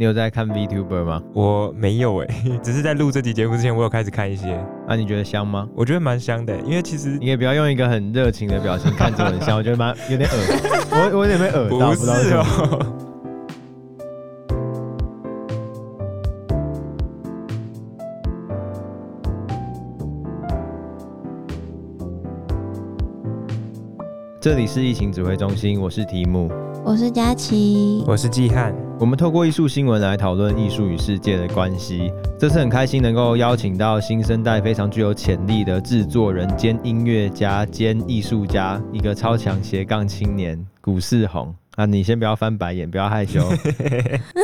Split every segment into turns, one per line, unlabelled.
你有在看 Vtuber 嗎？我沒有誒、欸，只是在錄這期節目之前，我有開始看一些。那、啊、你覺得香嗎？我覺得蠻香的、欸，因為其實……你也不要用一個很熱情的表情 看着很香，我覺得蠻有點噁。 我我有點沒被噁到？不是、哦。不這， 這裡是藝情指揮中心，我是提姆。
我是佳琪，我
是季漢。我們透過藝術新聞來討論藝術與世界的關係。這次很開心能夠邀請到新生代非常具有潛力的制作人兼音樂家兼藝術家，一個超強斜槓青年——古士宏。那、啊、你先不要翻白眼，不要害羞。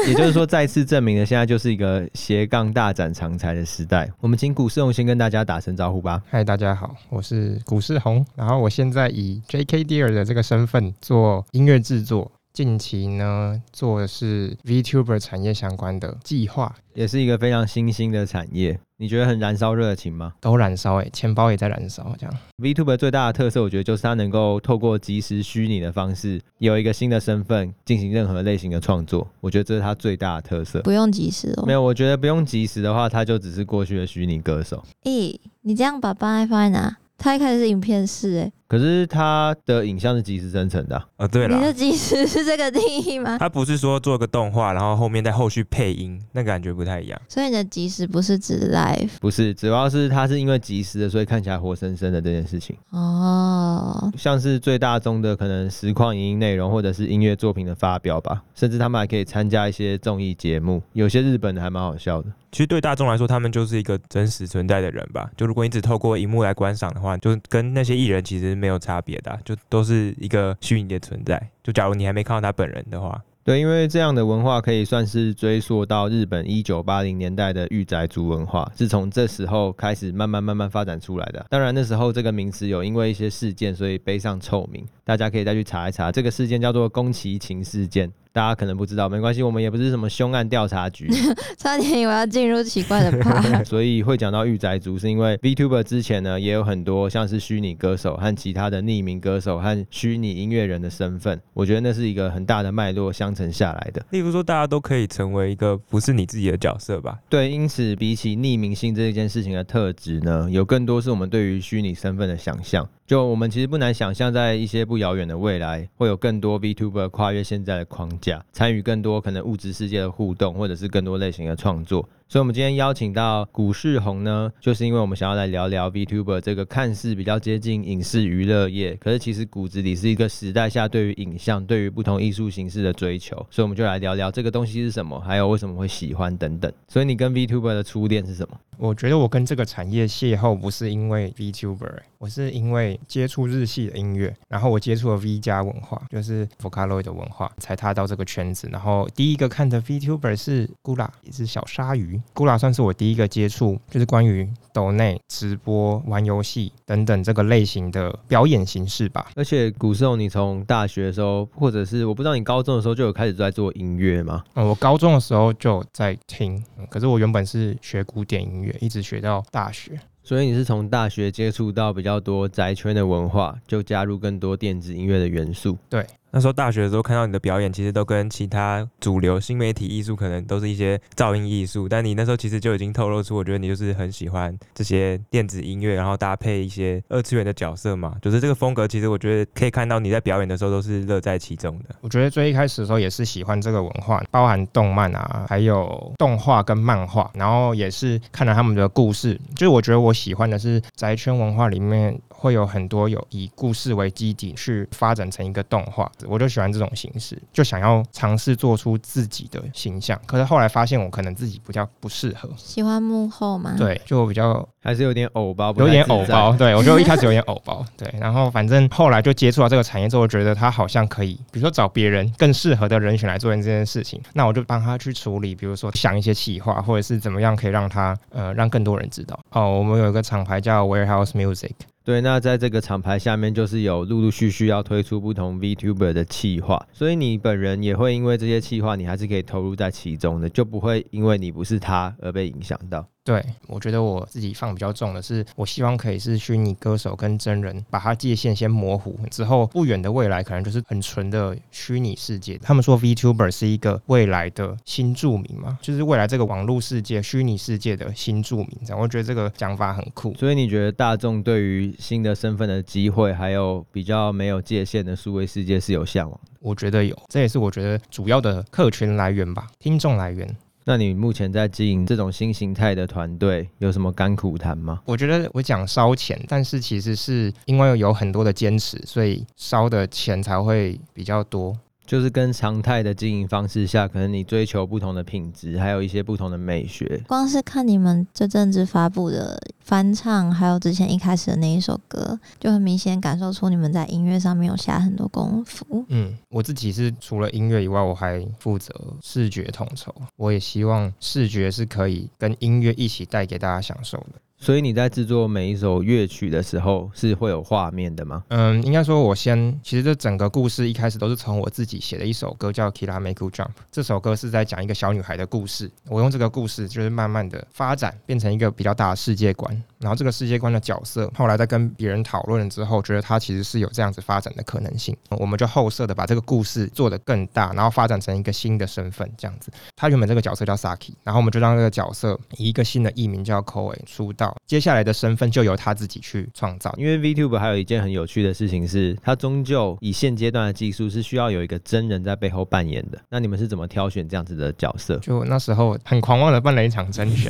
也就是說，再次證明了現在就是一個斜槓大展長才的時代。我們請古士宏先跟大家打聲招呼吧。嗨，大家好，我是古士宏。然後我現在以 JKDEER 的這個
身份做音樂製作，近期呢做的是 VTuber 產業
相關的計劃，也是一個非常新興的產業。你覺得很燃燒熱情嗎？都燃燒，誒，錢包也在燃燒這樣。Vtuber 最大的特色，我覺得就是它能夠透過即時虛擬的方式，有一個新的身份進行任何類型的創作。我覺得這是它最大的特色。不用即時哦，沒有，我覺得不用即時的話，它就只是過去的虛擬歌手。
咦、欸，你這樣把絆愛放在哪？它一開始是影片式誒、欸
可是他的影像是即時生成的啊，哦、對了，你的
即時是這個定義嗎？他
不是說做個動畫，然後後面再後續配音，那個、感覺不太一樣。
所以你的即時不是指 live，
不是，主要是他是因為即時的，所以看起來活生生的這件事情。哦，像是最大眾的可能實況影音內容或者是音樂作品的發表吧，甚至他們還可以參加一些綜藝節目，有些日本的還蠻好笑的。其實對大眾來說，他們就是一個真實存在的人吧？
就如果你只透過熒幕來觀賞的話，就跟那些藝人其實。沒有差別的啊，就都是一個虛擬的存在。就假如你還沒看到他本人的話，
對，因為這樣的文化可以算是追溯到日本一九八零年代的御宅族文化，是從這時候開始慢慢慢慢發展出來的。當然，那時候這個名詞有因為一些事件，所以背上臭名。大家可以再去查一查，這個事件叫做宮崎勤事件，大家可能不知道，沒關係，我們也不是什麼兇案調查局，
差點以為要進入奇怪的吧。
所以會講到御宅族，是因為 VTuber 之前呢，也有很多像是虛擬歌手和其他的匿名歌手和虛擬音樂人的身份，我覺得那是一個很大的脈絡相承下來的。例如說，大家都可以成為一個不是你自己的角色吧？對，因此比起匿名性這件事情的特質呢，有更多是我們對於虛擬身份的想象就我們其實不難想象，在一些不遙遠的未來，會有更多 VTuber 跨越現在的框架，參與更多可能物質世界的互動，或者是更多類型的創作。所以，我們今天邀請到古士宏呢，就是因為我們想要來聊聊 Vtuber 這個看似比較接近影視娛樂業，可是其實骨子裡是一個時代下對於影像、對於不同藝術形式的追求。所以，我們就來聊聊這個東西是什麼，還有為什麼會喜歡等等。所以，你跟 Vtuber 的初戀是什麼？我覺得我跟這個產業邂
逅不是因為 Vtuber，我是因為接觸日系的音樂，然後我接觸了 V 家文化，就是 Vocaloid 的文化，才踏到這個圈子。然後，第一個看的 Vtuber 是 Gura，一隻小鯊魚。古拉算是我第一個接觸，就是關於斗內、直播、玩遊戲等等這
個類型的表演形式吧。而且古士宏，你從大學的時候，或者是我不知道你高中的時候就有開始在做音樂嗎？
嗯，我高中的時候
就有在聽，嗯，可是我原本是學古典音樂，一直學到大學。所以你是從大學接觸到比較多宅圈的文化，就加入更多電子音樂的元素。對。那時候大學的時候看到你的表演，其實都跟其他主流新媒體藝術可能
都是一些噪音藝術，但你那時候其實就已經透露出，我覺得你就是很喜歡這些電子音樂，然後搭配一些二次元的角色嘛，就是這個風格。其實我覺得可以看到你在表演的時候都是樂在其中的。
我覺得最一開始的時候也是喜歡這個文化，包含動漫啊，還有動畫跟漫畫，然後也是看了他們的故事。就是我覺得我喜歡的是宅圈文化裡面會有很多有以故事為基底去發展成一個動畫。我就喜歡這種形式，就想要嘗試做出自己的形象。可是後來發現，我可能自己比較不適合。
喜歡幕後嗎？對，
就比較。
還是有點偶包，有點偶包。對，我就一開始有點偶
包。 對，然後反正後來就接觸到這個產業之後，我覺得他好像可以，比如說找別人更適合的人選來做這件事情，那我就幫他去處理，比如說想一些企劃，或者是怎麼樣可以讓他呃讓更多人知道。哦，我們有一個廠
牌叫 WERHAUS MUSIC。對，那在這個廠牌下面就是有陸陸續續要推出不同 VTuber 的企劃，所以你本人也會因為這些企劃，你還是可以投入在其中的，就不會因為你不是他而被影響到。
對，
我覺得我自己放比較重的是，我希望可以是虛擬歌手跟真人，把他界限先模糊，之後不遠的未來可能就是很純的虛擬世界。他們說 VTuber 是一個未來的新住
民嘛，就是未來這個網絡世界、虛擬世界的新住民。這樣，我覺得這個講法很酷。所以你覺得大眾對於新的身份的機會，還有比較沒有界限的數位世界是有向往的？我覺得有，這也是我覺得主要的客群來源吧，聽眾來源。那你目前在經營這種新形態的團隊，有什麼甘苦談嗎？我覺得
我講燒錢，但是其實是因為有很多的堅持，所以燒的錢
才會比較多。就是跟常態的經營方式下，可能你追求不同的品質，還有一些不同的美學。光
是看你們這陣子發布的翻唱，還有之前一開始的那一首歌，就很明顯感受出你們在音樂上面有下很多功夫。
嗯，我自己是除了音樂以外，我還負責視覺統籌。我
也希望視覺是可以跟音樂一起帶給大家享受的。所以你在製作每一首樂曲的時候是會有畫面的嗎？嗯，
應該說我先，其實這整個故事一開始都是從我自己寫的一首歌叫《Kilameko Jump》，這首歌是在講一個小女孩的故事。我用這個故事就是慢慢的發展，變成一個比較大的世界觀。然後這個世界觀的角色，後來在跟別人討論了之後，覺得他其實是有這樣子發展的可能性。我們就後設的把這個故事做得更大，然後發展成一個新的身份這樣子。他原本這個角色叫 Saki，然後我們就讓這個角色以一個新的藝名叫 Koi 出道。接下來的身份就由他自己去創造。
因為 VTuber 還有一件很有趣的事情是，他終究以現階段的技術是需要有一個真人在背後扮演的。那你們是怎麼挑選這樣子的角色？就那時候很狂妄的辦了一場甄選。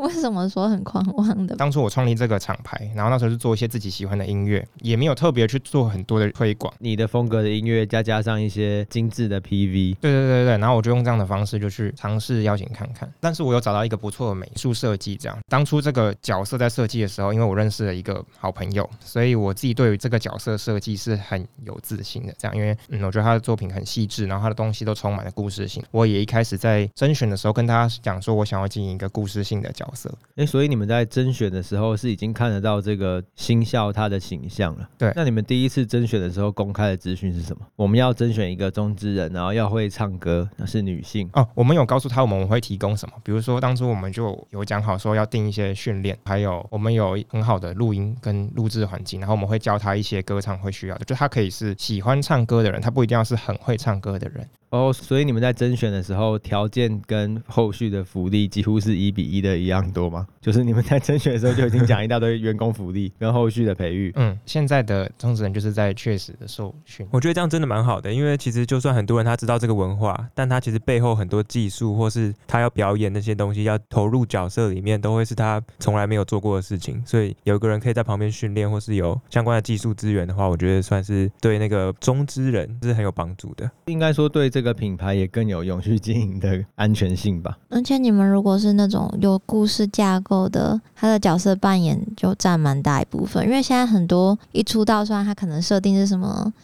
為什麼說很狂妄的？
當初。我創立這個
廠牌，然後那時候是做一些自己喜歡的音樂，也沒有特別去做很多的推廣。你的風格的音樂，再加上
一些精緻的 PV。
對對對對，然後我就用這樣的方式就去嘗試邀請看看。但是我有找到一個不錯的美術設計，這樣當初這個角色在設計的時候，因為我認識了一個好朋友，所以我自己對於這個角色設計是很有自信的。這樣，因為嗯，我覺得他的作品很細緻，然後他的東西都充滿了故事性。我也一開始在甄選的時候跟他講說，我想要進行一個故事性的角色。
哎，所以你們在甄選的時，時候是已經看得到這個心咲他的形象了。對，那你們第一次甄選的時候公開的資訊是什麼？我們要甄選一個中之人，然後要會唱歌，那是女性。哦，我們有告訴他，我們
會提供什麼？比如說，當初我們就有講好說要定一些訓練，還有我們有很好的錄音跟錄制環境，然後我們會教他一些歌唱會需要的，就他可以是喜歡唱歌的人，他不一定要是很會唱歌的人。
然後，oh, 所以你們在甄選的時候，條件跟後續的福利幾乎是一比一的一樣多嗎？ 就是你們在甄選的時候就已經講一大堆員工福利跟後續的培育。嗯，現在的中之人就是在確實的受訓。我覺得這
樣真的蠻好的，因為其實就算很多人他知道這個文化，但他其實背後很多技術或是他要表演那些東西，要投入角色裡面，都會是他從來沒有做過的事情。所以有一個人可以在旁邊訓練，或是有相關的技術資源的話，我覺得算是對那個中之
人是很有幫助的。應該說對這個。這個品牌也更有永續經營的安全性
吧。而且你們如果是那種有故事架構的，他的角色扮演就占蠻大一部分。因為現在很多一出道，雖然他可能設定是什麼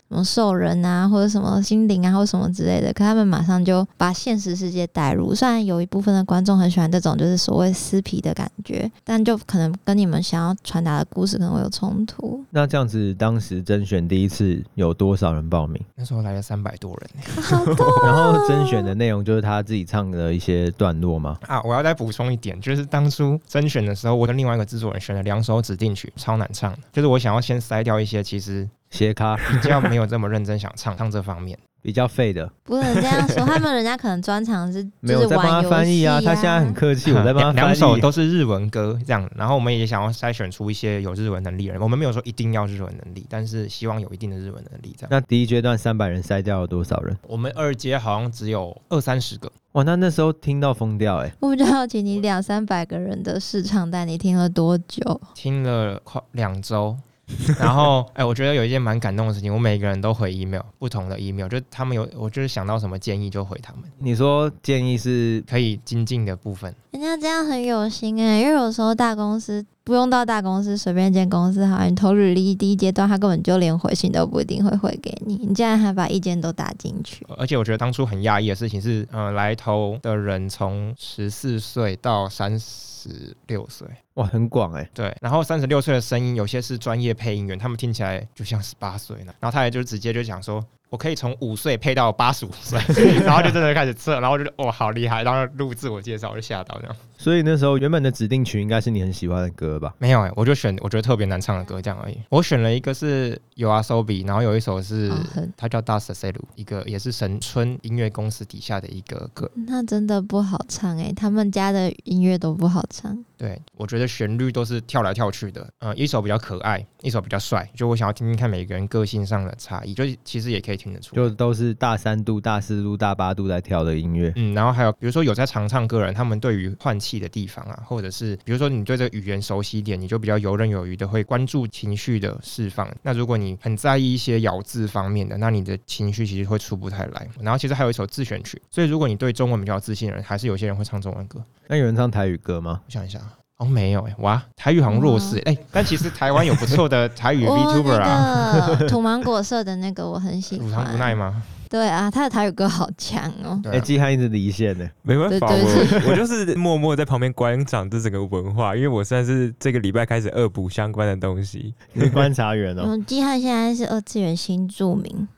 什麼獸人啊，或者什麼精靈啊，或者什麼之類的，可他們馬上就把現實世界帶入。雖然有一部分的觀眾很喜歡這種就是所謂撕皮的感覺，但就可能跟你們想要傳達的故事可能會有衝突。
那這樣子，當時甄選第一次有多少人報名？那時候來了三百多人。 然後甄選的內容就是他自己唱的一些段落嗎？啊，我
要再補充一點，就是當初甄選的時候，我跟另外一個製作人選了兩首指定曲，超難唱的。就是我想要先篩掉一些，其實些咖這樣沒有這麼認真想唱唱這方面。比較廢的，不能這樣說。他們
人家可能專長是，沒有在幫他翻譯啊。 他
現在很客氣，我在幫他翻譯。兩 首都是日文歌，這樣。然後我們也想要篩選出一些有日文能力人。我們沒有說一定要日文能力，但是希望有一定的日文能力這
樣。那第一階段三百人篩掉了多少人？我們二階好像只有二三十個哇、哦。那那時候聽到瘋掉哎、
欸。我比較好奇，你兩三百個人的試唱帶你聽了多久？
聽
了快兩周。 然後，哎、欸，我覺得有一件蠻感動的事情，我每一個人都回 email，不同的 email，就他們有，我就是想到什麼建議就回他們。你說建議是可以精進的部分，
人家這樣很有心哎、欸，因為有時候大公司。不用到大公司，隨便一間公司好、啊。像投履歷第一階段，他根本就連回信都不一定會回給你，你竟然還把意見都打進去。而
且我覺得當初很訝異的事情是，呃，來投的人從十四歲到三十六歲，哇，很廣誒、欸，對，然後三十六歲的聲音有些是專業配音員，他們聽起來就像十八歲呢。然後他也就直接就講說，我可以從五歲配到八十五歲，然後就真的開始測，然後就哦，好厲害，然後錄自我介紹就嚇到這樣。
所以那時候原本的指定曲應該是你很喜歡的歌吧？沒有哎、欸，我就選
我覺得特別難唱的歌這樣而已。我選了一個是《You Are So Be》然後有一首是他、oh, 叫《Dasselu》一個也是神村音樂公司底下的一個歌。
那真的不好唱哎、欸，他們家的音樂都不好唱。
對，我覺得旋律都是跳來跳去的。嗯，一首比較可愛，一首比較帥，就我想要聽聽看每個人個性上的差異，就其實也可以聽得出，
就都是大三度、大四度、大八度在跳的音樂。嗯，然後還有比如說有在常
唱歌人，他們對於換氣。的地方啊，或者是比如說你對這個語言熟悉一點，你就比較游刃有餘的會關注情緒的釋放。那如果你很在意一些咬字方面的，那你的情緒其實會出不太來。然後其實還有一首自選曲，所以如果你對中文比較自信的人，還是有些人會唱中文歌。那有人唱台語歌嗎？我想一下，哦，沒有哎、欸，哇，台語好像弱勢哎、欸，嗯哦、但其實臺灣有不錯的台語 VTuber 啊，哦那個、土
芒果色的那個我很喜歡。土
芒果奈嗎？
對啊，他的台語歌好強哦、喔。哎、啊，基
漢、欸、一直離線呢，沒
辦法，我我就
是默默在旁邊觀賞這整個文化， 因為我算是這個禮拜開始惡補相關的東西，觀察員哦、喔。嗯，
基漢現在是二次元新著名。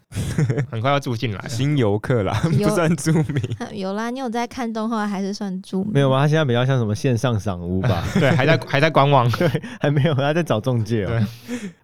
很快要住進來新遊客啦，對不算著名
有、嗯，有啦。你有在看動畫還是算著名？沒有嗎？
他現在比較像什麼線上賞屋吧、嗯？對，還在還在觀望，對，還沒有他在找中介、喔、對，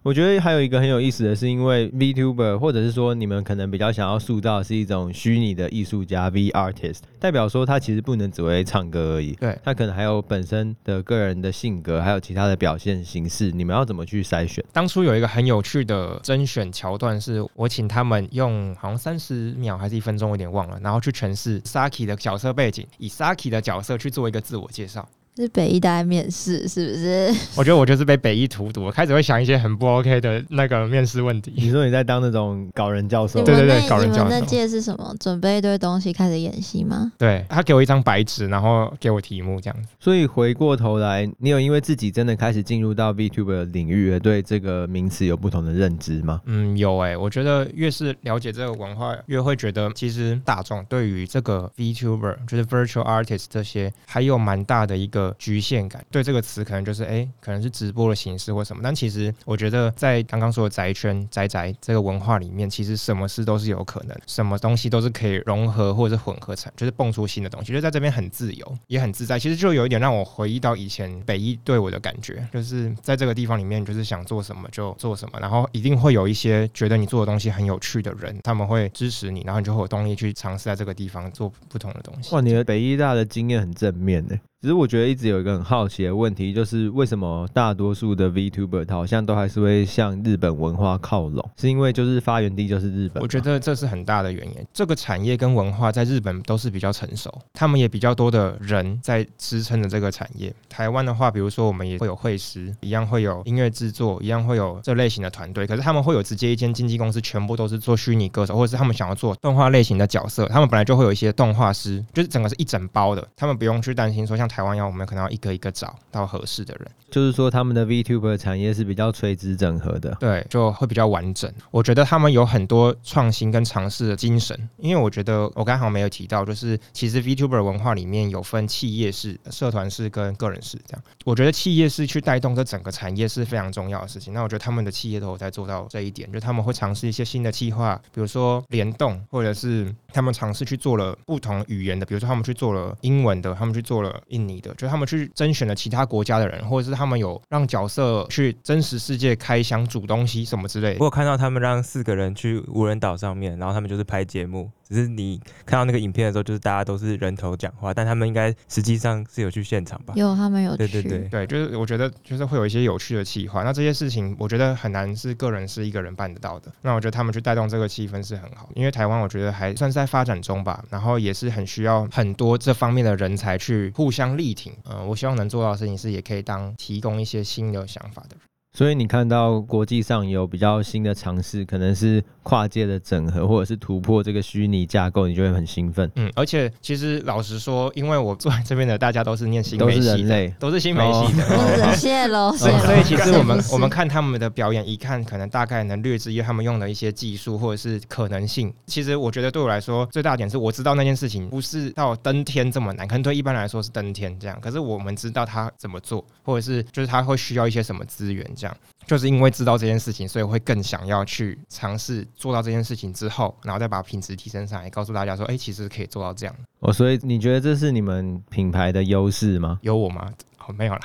我覺得還有一個很有意思的是，因為 VTuber 或者是說你們可能比較想要塑造是一種虛擬的藝術家 V Artist，代表說他其實不能只會唱歌而已，對他可能還有本身的個人的性格，還有其他的表現形式。你們要怎麼去篩選？當初有一個很有趣的甄選橋段，是我請他們。用
好像三十秒還是一分鐘，我有點忘了，然後去詮釋 Saki 的角色背景，以 Saki 的角色去做一個自我介紹。
是北藝大面試是不是？
我覺得我就是被北藝荼毒了，開始會想一些很不 OK 的那個面試問題。 你說你在當那種搞人教授，對
對對，搞人教授。那屆是什麼？準備一堆東西開始演戲嗎？
對，他給我一張白紙，然後給我題目這樣子。所以回過頭來，你有因為自己真的開始進入到 VTuber 領域，而對這個名詞有不同的認知嗎？
嗯，有哎、欸。我覺得越是了解這個文化，越會覺得其實大眾對於這個 VTuber，就是 Virtual Artist 這些，還有蠻大的一個。局限感，對這個詞可能就是哎，可能是直播的形式或什麼。但其實我覺得，在剛剛說的宅圈宅宅這個文化裡面，其實什麼事都是有可能，什麼東西都是可以融合或者是混合成，就是蹦出新的東西。就在這邊很自由，也很自在。其實就有一點讓我回憶到以前北藝對我的感覺，就是在這個地方裡面，就是想做什麼就做什麼，然後一定會有一些覺得你做的東西很有趣的人，他們會支持你，然後你就會有動力去嘗試在這個地方做不同的東
西。哇，你的北藝大的經驗很正面呢、欸。其實我覺得一直有一個很好奇的問題，就是為什麼大多數的 VTuber 他好像都還是會向日本文化靠攏？是因為就是發源地就是日本，我覺得
這是很大的原因。這個產業跟文化在日本都是比較成熟，他們也比較多的人在支撐着這個產業。台灣的話，比如說我們也會有繪師，一樣會有音樂製作，一樣會有這類型的團隊。可是他們會有直接一間經紀公司，全部都是做虛擬歌手，或者是他們想要做動畫類型的角色，他們本來就會有一些動畫師，就是整個是一整包的，他們不用去擔心說像。台灣要我們可能要一個一個找到合適的人，
就是說他們的 Vtuber 產
業是比較垂直整合的，對，就會比較完整。我覺得他們有很多創新跟嘗試的精神，因為我覺得我剛好沒有提到，就是其實 Vtuber 文化裡面有分企業式、社團式跟個人式這樣。我覺得企業式去帶動這整個產業是非常重要的事情。那我覺得他們的企業都有在做到這一點，就他們會嘗試一些新的企劃，比如說聯動，或者是他們嘗試去做了不同語言的，比如說他們去做了英文的，他們去做了英。你的就是他們去甄選了其他國家的人，或者是他們有讓角色去真實世界開箱煮東西什麼之類的。我看到他們讓四個人去無人島上面，
然後他們就是拍節目。只是你看到那個影片的時候，就是大家都是人頭講話，但他們應該
實際上是有去現場吧？
有，他們有去。對對對
對，就是我覺得就是會有一些有趣的企劃。那這些事情，我覺得很難是個人是一個人辦得到的。那我覺得他們去帶動這個氣氛是很好，因為台灣我覺得還算是在發展中吧，然後也是很需要很多這方面的人才去互相力挺。嗯、呃，我希望能做到的事情是，也可以當提供一些新的想法的
人。所以你看到國際上有比較新的嘗試，可能是跨界的整合，或者是突破這個虛擬架構，你就會很興奮。嗯，
而且其實老實說，因為我坐在這邊的大家都是念新媒系的，都是新媒系的，謝謝老師。對所以其實我們我們看他們的表演，一看可能大概能略知於他們用的一些技術或者是可能性。其實我覺得對我來說最大點是，我知道那件事情不是到登天這麼難，可能對一般來說是登天這樣。可是我們知道他怎麼做，或者是就是他會需要一些什麼資源這樣。就是因為知道這件事情，所以我會更想要去嘗試做到這件事情之後，然後再把品質提升上來，告訴大家說，哎、欸，其實可以做到這樣。
哦，所以你覺得這是你們品牌的優勢嗎？有我嗎？哦、沒有了，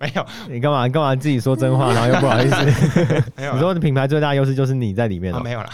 沒有。你干嘛干嘛自己說真話，然後又不好意思。 沒有啦。 你說的品牌最大優勢就是你在裡面了，哦。沒有了，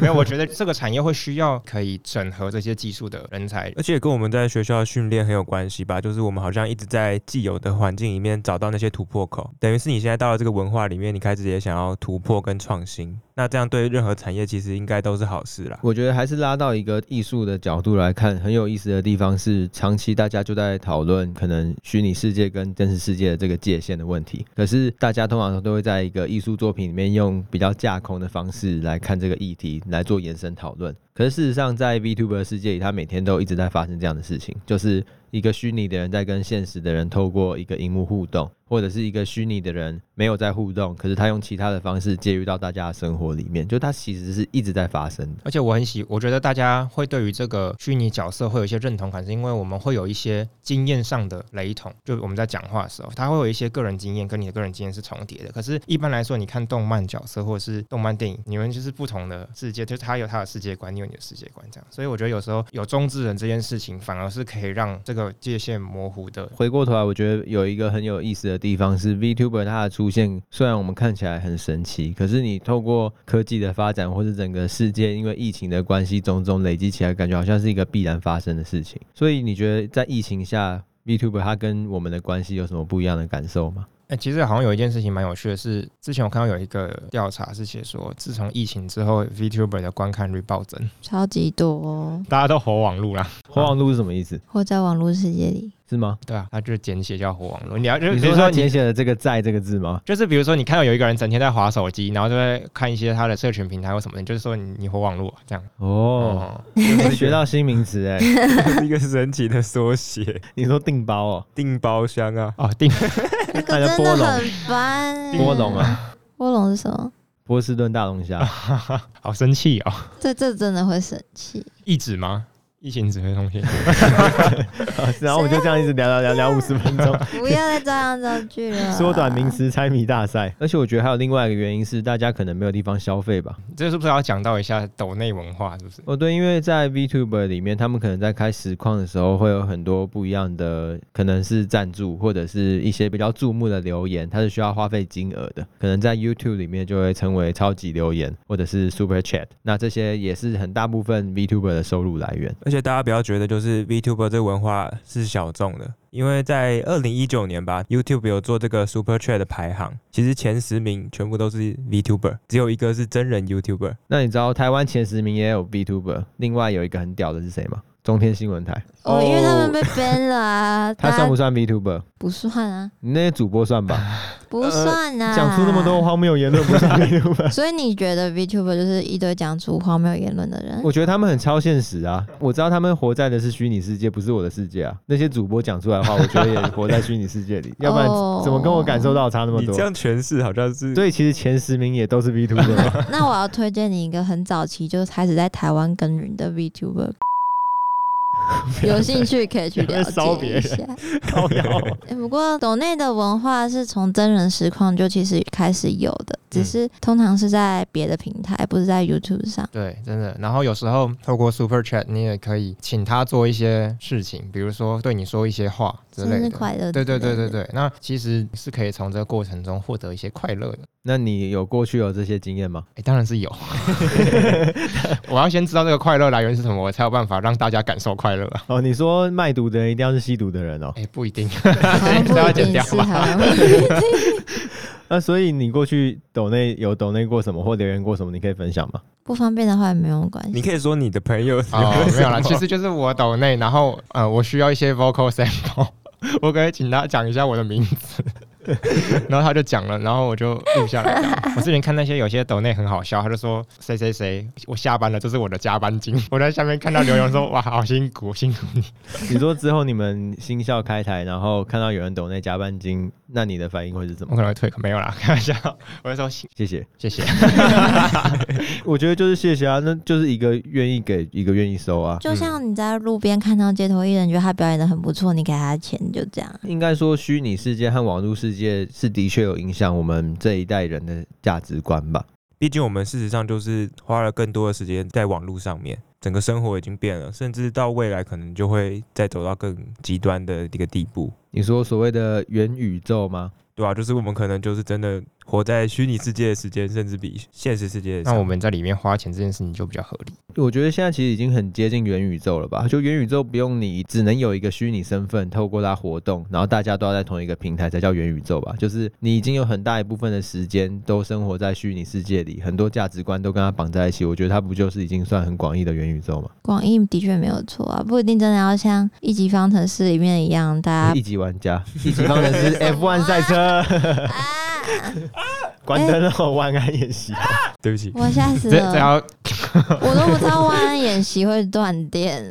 沒有。我覺得這個產業會需要可以整合這些技術的人才，而且跟我們在學校
訓練很有關係吧。就是我們好像一直在既有的環境裡面找到那些突破口，等於是你現在到了這個文化裡面，你開始也想要突破跟創新。那這樣對任何產業其實應該都是好事啦。
我覺得還是拉到一個藝術的角度來看，很有意思的地方是，長期大家就在討論可能虛擬世界跟真實世界的這個界限的問題。可是大家通常都會在一個藝術作品裡面用比較架空的方式來看這個議題，來做延伸討論。可是事實上，在 Vtuber 的世界裡，他每天都一直在發生這樣的事情，就是一個虛擬的人在跟現實的人透過一個熒幕互動。或者是一個虛擬的人，沒有在互動，可是他用其他的方式介入到大家的生活裡面，就他其實是一直在發生。
而且我很喜，我覺得大家會對於這個虛擬角色會有一些認同感，是因為我們會有一些經驗上的雷同。就我們在講話的時候，他會有一些個人經驗跟你的個人經驗是重疊的。可是一般來說，你看動漫角色或者是動漫電影，你們就是不同的世界，就是他有他的世界觀，你有你的世界觀，這樣。所以我覺得有時候有中之人這件事情，反而是可以讓這個界限模糊的。
回過頭來，我覺得有一個很有意思的。地方是 VTuber 它的出現，雖然我們看起來很神奇，可是你透過科技的發展，或是整個世界因為疫情的關係，種種累積起來，感覺好像是一個必然發生的事情。所以你覺得在疫情下 VTuber 它跟我們的關係有什麼不一樣的感受嗎？哎、欸，其實好像有一件
事情蠻有趣的是，之前我看到有一個調查是寫說，自從疫情之後，VTuber 的觀看率暴增，
超級多
哦，大家都活網路啦，活網路是什麼意思？
活在網絡世界裡。是嗎？
對啊，他就是簡寫叫“活網絡”。你要就你，你是說簡寫的這個“在”這個字嗎？就是比如說，你看到有一個人整天在滑手機，然後就會看一些他的社群平台或什麼的，就是說你活網絡這樣。哦，
你、嗯哦、學到新名
詞哎， 這是
一個神奇的縮
寫。 你說定包哦，定包箱啊，哦定。 那個真的很煩。 波龍啊嗎，
波龍是什麼？
波士頓大龍蝦， 好生氣哦。
這這真的會生氣。
一指嗎？藝情指揮中心，
是、啊，然後要我就這樣一直聊聊聊聊五十分鐘，要不
要再這樣造句了、啊。縮
短名詞猜謎大賽。而且我覺得還有另外一個原因是，大家可能沒有地方消費吧？這是不是要講到一下斗內文化？是不是？哦，對，因為在 Vtuber 裡面，他們可能在開實況的時候，會有很多不一樣的，可能是贊助或者是一些比較注目的留言，它是需要花費金額的。可能在 YouTube 裡面就會稱為超級留言或者是 Super Chat、嗯、那這些也是很大部分 Vtuber 的收入來源。
而且大家不要覺得就是 Vtuber 這個文化
是小眾的，因為在
二零一九年吧，YouTube 有做這個 Super Chat 的排行，
其實前十名全部都是 Vtuber，只有一個是真人 YouTuber。那你知道台灣前十名也有 Vtuber，另外有一個很屌的是誰嗎？中天新聞台哦，因為他們被
ban 了啊。他，他算不算
VTuber？不算啊。你那些主播算吧？
不算啊。講、呃、出那麼多
荒謬言論，不算 VTuber。
所以你覺得 VTuber 就是一堆講出荒謬言論的人？
我覺得他們很超現實啊！我知道他們活在的是虛擬世界，不是我的世界啊。那些主播講出來的話，我覺得也活在虛擬世界裡， 要不然怎麼跟我感受到差那麼多？你這樣詮釋好像是。所以其實前十名也都是 VTuber。
那我要推薦你一個很早期就開始在台灣耕耘的 VTuber。
有興趣可以去了解一
下、哦、 不過鬥內的文化是從真人實況就其實開始有的，只是通常是在別的平台，不是在 YouTube 上。
對，
真的。然後有時候透過 Super Chat，你也可以請他做一些事情，比如說對你說一些話。真是快樂對對對對對，那其實是可以從這個過程中獲得一些快樂的。那你有過去有這些經驗嗎？哎、欸，當然是有。 我要先知道這個快樂來源是什麼，我才有辦法讓大家感受快樂、啊。
哦，你說賣毒的人一定要是吸毒的人哦？哎、欸，不一定。 不要剪掉。 那所以你過去抖內有抖內過什麼，或留言過什麼，你可以分享嗎？
不方便的話也沒有關
係。你可以說
你的朋友是
有、哦、沒有啦，其實
就是我抖內，然後呃，我需
要一些 vocal sample。我可以請他講一下我的名字。 然後他就講了，然後我就錄下來 我之前看那些有些抖內很好笑，他就說，誰誰誰，我下
班了，這是我的加班金。我在下面看到留言說 哇，好辛苦，辛苦你。你說之後你們心咲開台，然後看到有人抖內加班金，那你的反應會是怎麼？我可能會退沒有啦，開玩笑。我就說，謝謝，謝謝。我覺得就是謝謝啊，那就是一個願意給，一個願意收啊。就像
你在路邊看到街頭藝人，嗯、覺得他表演的很不錯，你給他錢就這樣。
應該說虛擬世界和網絡世界。是的確有影響我們這一代人的價值觀吧。畢竟我們事實上就是花了更多的時
間在網絡上面，整個生活已經變了，甚至到未來可能就會再走到更
極端的一個地步。你說所謂的
元宇宙嗎？對啊，就是我們可能就是真的活在虛擬世界的時間，甚至比現實世界的時間。那我們
在裡面花錢這件事情就比
較
合理。對，我覺得現在其實已經很接近元宇宙了吧？就元宇宙不用你只能有一個虛擬身份，透過它活動，然後大家都要在同一個平台才叫元宇宙吧？就是你已經有很大一部分的時間都生活在虛擬世界裡，很多價值觀都跟它綁在一起。我覺得它不就是已經算很廣義的元宇宙嗎？
廣義的確沒有錯啊，不一定真的要像一級方程式裡面一樣，大家、嗯、一
級。玩家，一起放的是 F1 賽車。 關燈後萬安演習、啊，對不起，我嚇死了。我都不知道萬安
演習會斷電，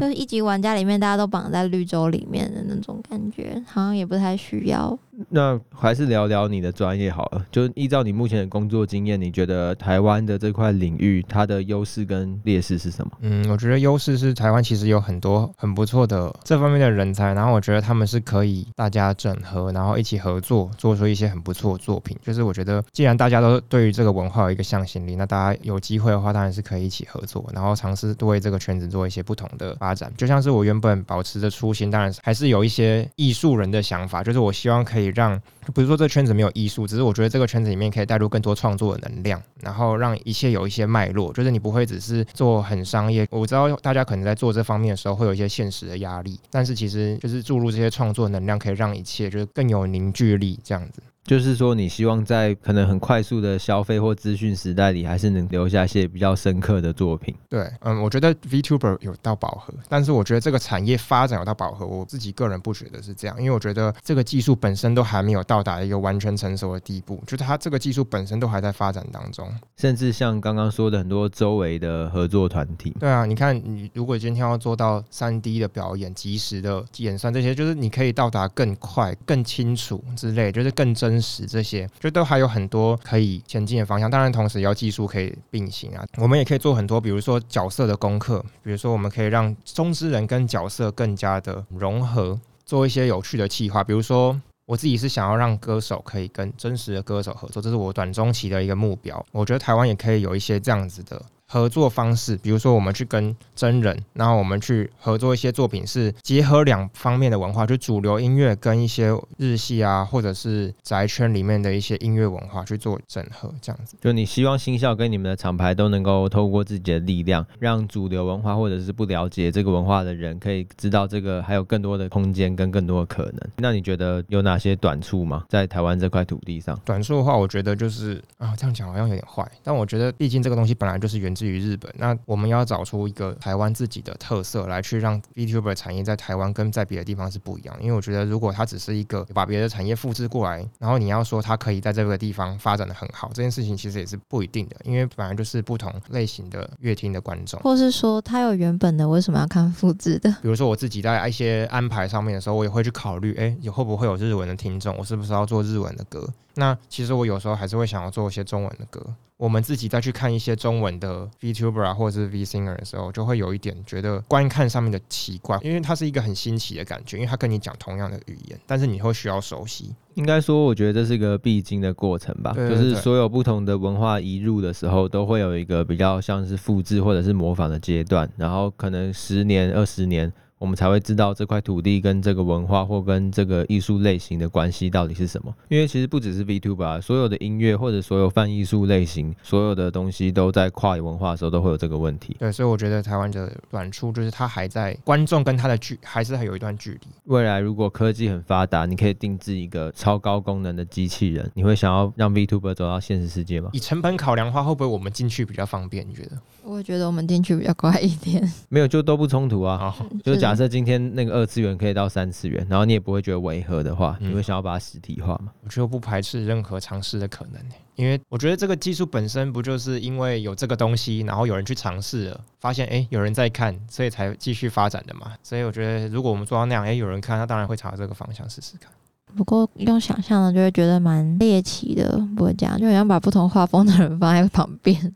就是一級玩家裡面大家都綁在綠洲裡面的那種感覺，好像也不太需要。
那還是聊聊你的專業好了。就依照你目前的工作經驗，你覺得台灣的這塊領域它的優勢跟劣勢是什麼？
嗯，我覺得優勢是台灣其實有很多很不錯的這方面的人才，然後我覺得他們是可以大家整合，然後一起合作，做出一些很不錯的作品。就是我覺得。的，既然大家都對於這個文化有一個向心力，那大家有機會的話，當然是可以一起合作，然後嘗試對這個圈子做一些不同的發展。就像是我原本保持着初心，當然還是有一些藝術人的想法，就是我希望可以讓。就不是說這個圈子沒有藝術，只是我覺得這個圈子裡面可以帶入更多創作的能量，然後讓一切有一些脈絡，就是你不會只是做很商業。我知道大家可能在做這方面的時候會有一些現實的壓力，但是其
實就是注入這些創作能量，可以讓一切就是更有凝聚力。這樣子，就是說你希望在可能很快速的消費或資訊時代裡，還是能留下一些比較深刻的作品。
對，嗯，我覺得 VTuber 有到飽和，但是我覺得這個產業發展有到飽和，我自己個人不覺得是這樣，因為我覺得這個技術本身都還沒有到。到達一個完全成熟的地步，就它這個技術本身都還在發展當中，
甚至像剛剛說的很多周圍的合作團體。
對啊，你看你如果今天要做到三 D 的表演，即時的演算這些，就是你可以到達更快、更清楚之類，就是更真實這些，就都還有很多可以前進的方向。當然，同時也要技術可以並行啊，我們也可以做很多，比如說角色的功課，比如說我們可以讓中之人跟角色更加的融合，做一些有趣的企劃，比如說。我自己是想要讓歌手可以跟真實的歌手合作，這是我短中期的一個目標。我覺得台灣也可以有一些這樣子的合作方式，比如說我們去跟真人，然後我們去合作一些作品，是結合兩方面的文化，就主流音樂跟一些日系啊，或者是宅圈裡面的一些音樂文化去做整合，這樣子。
就你希望心咲跟你們的廠牌都能夠透過自己的力量，讓主流文化或者是不了解這個文化的人，可以知道這個還有更多的空間跟更多的可能。那你覺得有哪些短處嗎？在台灣這塊土地上，短處的話，我覺得就是啊，這樣講好像有點壞，但我覺得畢竟這個東西本來就是源自。於日
本，那我們要找出一個台灣自己的特色來，去讓 Vtuber 產業在台灣跟在別的地方是不一樣的。因為我覺得，如果它只是一個把別的產業複製過來，然後你要說它可以在這個地方發展得很好，這件事情其實也是不一定的。因為反而就是不同類型的樂廳的觀眾，或
是說他有原本的，為什麼要看複製的？
比如說我自己在一些安排上面的時候，我也會去考慮，哎、欸，你會不會有日文的聽眾？我是不是要做日文的歌？那其實我有時候還是會想要做一些中文的歌。我們自己再去看一些中文的 VTuber，啊、或者是 V Singer 的時候，就會有一點覺得觀看上面的奇怪，因為它是一個很新奇的感覺，因為它跟你講同樣的語言，但是你會需要熟悉。
應該說，我覺得這是一個必經的過程吧，對對對，就是所有不同的文化移入的時候，都會有一個比較像是複製或者是模仿的階段，然後可能十年、二十年，我們才會知道這塊土地跟這個文化或跟這個藝術類型的關係到底是什麼。因為其實不只是 Vtuber，啊，所有的音樂或者所有泛藝術類型，所有的東西都在跨文化的時候都會有這個問題。
對，所以我覺得台灣的短處就是它還在觀眾跟它的距，還是還有一段距
離。未來如果科技很發達，你可以定制一個超高功能的機器人，你會想要讓 Vtuber 走到現實世界嗎？以成本考量的話，會不會我們進去比較方便？你覺得？
我覺得我們進去比較快一點，
沒有就都不衝突啊。好就假設今天那個二次元可以到三次元，然後你也不會覺得違和的話，你會想要把它實體化嗎？我就不排斥任何嘗試的可能，欸，
因為我覺得這個技術本身不就是因為有這個東西，然後有人去嘗試了，發現誒、欸，有人在看，所以才繼續發展的嘛。所以我覺得如果我們做到那樣，誒、欸，有人看，他當然會朝這個方向試試看。
不過用想象的就會覺得蠻獵奇的，不會這樣，就好像把不同畫風的人放在旁邊，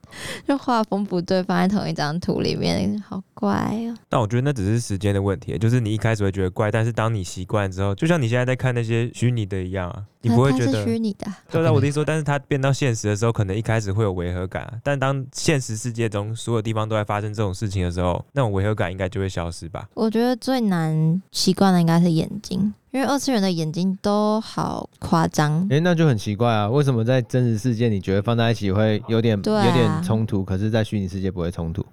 就畫風不對，放在同一張圖裡面，好。怪啊、
喔！但我覺得那只是時間的問題，就是你一開始會覺得怪，但是當你習慣之後，就像你現在在看那些虛擬的一樣、啊，你不會覺得虛擬
的。就我聽說，
但是它變到現實的時候，可能一開始會有違和感、啊，但當現實世界中所有地方都在發生這種事情的時候，那種違和感應該就會消失吧？
我覺得最難習慣的應該是眼睛，因為二次元的眼睛都好誇張。
哎、欸，那就很奇怪啊！為什麼在真實世界你覺得放在一起會有點、啊、有點衝突，可是在虛擬世界不會衝突？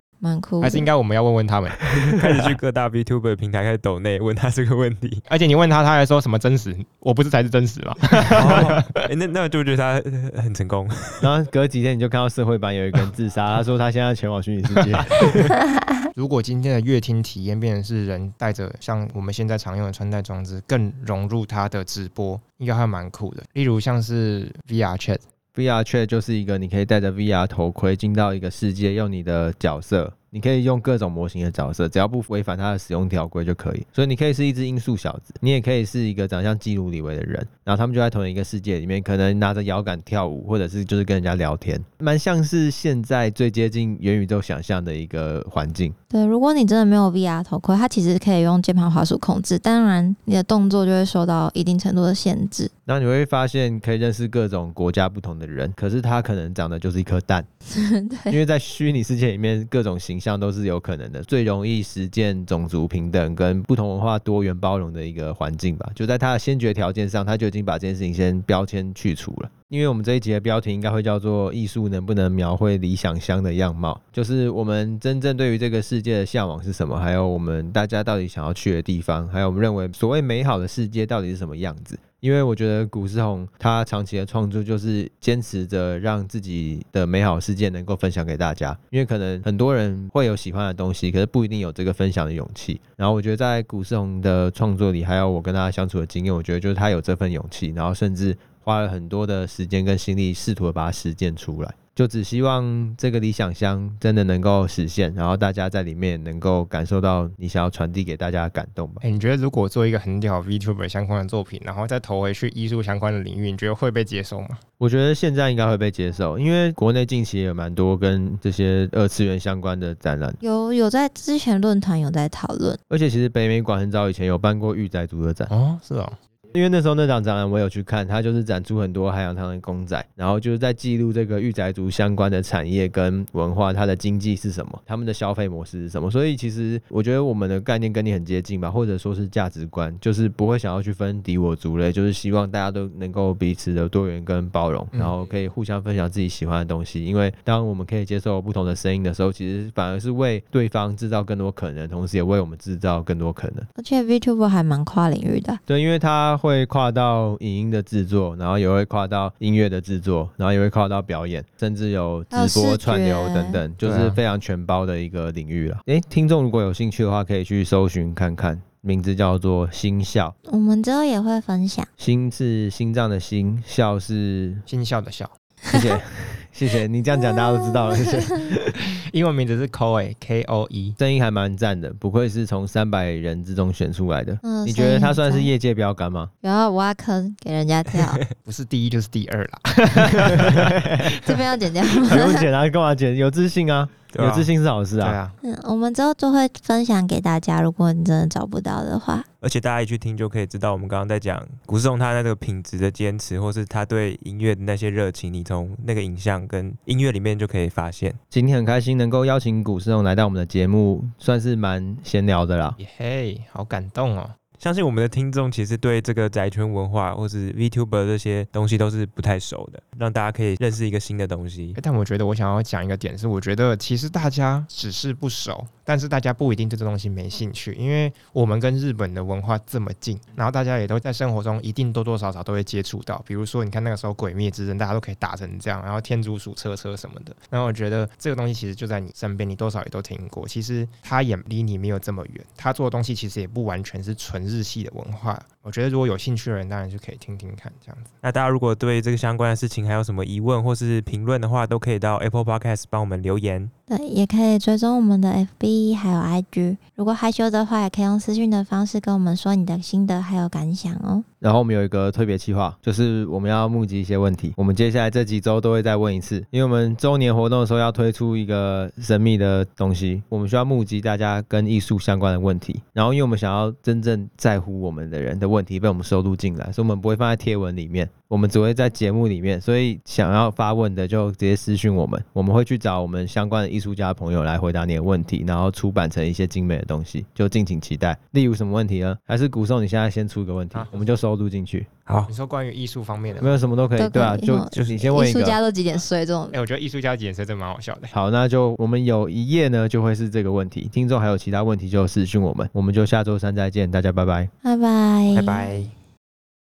還是應該我們要問問他們，開始去各大 VTuber 平台開始抖內問他這個
問題。而且你問他，他還說什麼真實，我不是才是真實吧那、
哦 欸、那，那就不覺得他很成功。然後隔幾天你就看到社會版有一個人自殺， 他說他現在前往虛擬世界。
如果今天的樂聽體
驗變成是人帶着像我們現在常
用的穿戴裝置，更融入他的直播，應該還蠻酷的。例如像是 VR Chat。
VR 卻就是一個，你可以戴着 VR 頭盔進到一個世界，用你的角色。你可以用各種模型的角色，只要不違反它的使用條規就可以。所以你可以是一只音速小子，你也可以是一個長相基努李維的人。然後他們就在同一個世界裡面，可能拿着搖桿跳舞，或者是就是跟人家聊天，蠻像是現在最接近元宇宙想象的一個環境。
對，如果你真的沒有 VR 頭盔，它其實可以用鍵盤滑鼠控制，當然你的動作就會受到一定程度的限制。
那你會發現可以認識各種國家不同的人，可是他可能長得就是一顆蛋， 對
因
為在虛擬世界裡面各種形。這樣都是有可能的，最容易實踐種族平等跟不同文化多元包容的一個環境吧。就在他的先決條件上，他就已經把這件事情先標籤去除了。因為我們這一集的標題應該會叫做“藝術能不能描繪理想鄉的樣貌”，就是我們真正對於這個世界的向往是什麼，還有我們大家到底想要去的地方，還有我們認為所謂美好的世界到底是什麼樣子。因為我覺得古士宏他長期的創作就是堅持着讓自己的美好事件能夠分享給大家。因為可能很多人會有喜歡的東西，可是不一定有這個分享的勇氣。然後我覺得在古士宏的創作裡，還有我跟他相處的經驗，我覺得就是他有這份勇氣，然後甚至。花了很多的時間跟心力，試圖把它實踐出來，就只希望這個理想鄉真的能夠實現，然後大家在裡面能夠感受到你想要傳遞給大家的感動吧。誒，你覺得如果
做一個很屌 VTuber 相關的作品，然後再投回去藝術相關的領域，你覺得會被接受嗎？
我覺得現在應該會被接受，因為國內近期也有蠻多跟這些二次元相關的展覽，
有有在之前論壇有在討論，
而且其實北美館很早以前有辦過御宅族的展，哦，是哦。因為那時候那場展覽我有去看，它就是展出很多海洋堂的公仔，然後就是在記錄這個御宅族相關的產業跟文化，它的經濟是什麼，他們的消費模式是什麼。所以其實我覺得我們的概念跟你很接近吧，或者說是價值觀，就是不會想要去分敵我族類，就是希望大家都能夠彼此的多元跟包容，然後可以互相分享自己喜歡的東西。嗯。因為當我們可以接受不同的聲音的時候，其實反而是為對方制造更多可能，同時也為我們制造更多可能。
而且 VTuber 還蠻跨領域的，
對，因為它，會跨到影音的制作，然後也會跨到音樂的制作，然後也會跨到表演，甚至有直播串、哦、流等等，就是非常全包的一個領域了。哎、啊，聽眾如果有興趣的話，可以去搜尋看看，名字叫做「心咲」。
我們之後也會分享。
心是心臟的心，咲是、是心咲的咲。謝謝。 謝謝，你這樣講大家都知道了。謝謝 英文名字是 Koe，K-O-E，、e、聲音還蠻讚的，不愧是從三百人之中選出來的。嗯、你覺得他算是業界標桿嗎？
然後挖坑給人家跳，
不是第一就是第二啦。
這邊要剪掉嗎？不用
剪啊，啊幹嘛剪？有自信啊。有自信是好事啊。對啊，對啊嗯，
我們之後就會分享給大家。如果你真的找不到的話，
而且大
家一去聽就可以知道，我們剛剛在講古士宏，他那個品質的堅持，或是他對音樂的那些熱情，你從那個影像跟音樂裡面就可以發現。
今天很開心能夠邀請古士宏來到我們的節目，算是蠻閒聊的啦。嘿，yeah,
好感動哦。相信我們的聽眾其實對這個宅圈文化或是 VTuber 這些東西都是不太熟的，
讓大家可以認識一個新的東西。但我覺得我想要講一個點是，我覺得其實大家只是不熟，但是大家不一定對這東西沒興趣，因為我們跟日本的文化這麼近，然後大家也都在生活中一定多多少少都會接觸到。比如說，你看那個時候鬼滅之刃，大家都可以打成這樣，然後天竺鼠車車什麼的。然後我覺得這個東西其實就在你身邊，你多少也都聽過。其實他也離你沒有這麼遠，他做的東西其實也不完全是純日。日系的文化。我覺得如果有興趣的人，當然就可以聽聽看這樣子。
那大家如果對這個相關的事情還有什麼疑問或是評論的話，都可以到 Apple Podcast 幫我們留言。
對，也可以追蹤我們的 FB 還有 IG。如果害羞的話，也可以用私訊的方式跟我們說你的心得還有感想哦。
然後我們有一個特別計劃，就是我們要募集一些問題，我們接下來這幾週都會再問一次，因為我們週年活動的時候要推出一個神秘的東西，我們需要募集大家跟藝術相關的問題。然後，因為我們想要真正在乎我們的人的問題。問題被我們收錄進來，所以我們不會放在貼文裡面。我們只會在節目裡面，所以想要發問的就直接私訊我們，我們會去找我們相關的藝術家的朋友來回答你的問題，然後出版成一些精美的東西，就敬請期待。例如什麼問題呢？還是古士，你現在先出個問題，啊、我們就收錄進去。好，
你說關於藝術方面的好，哦、沒有什麼都可以，對、啊，就就是你先
問一個。藝術家
都幾點睡這種、欸？我覺
得藝術家都幾點睡這蠻好笑的。
好，那就我們有一頁呢，就會是這個問題。聽眾還有其他問題就私訊我們，我們就下周三再見，大家拜，拜拜，拜拜 bye。Bye bye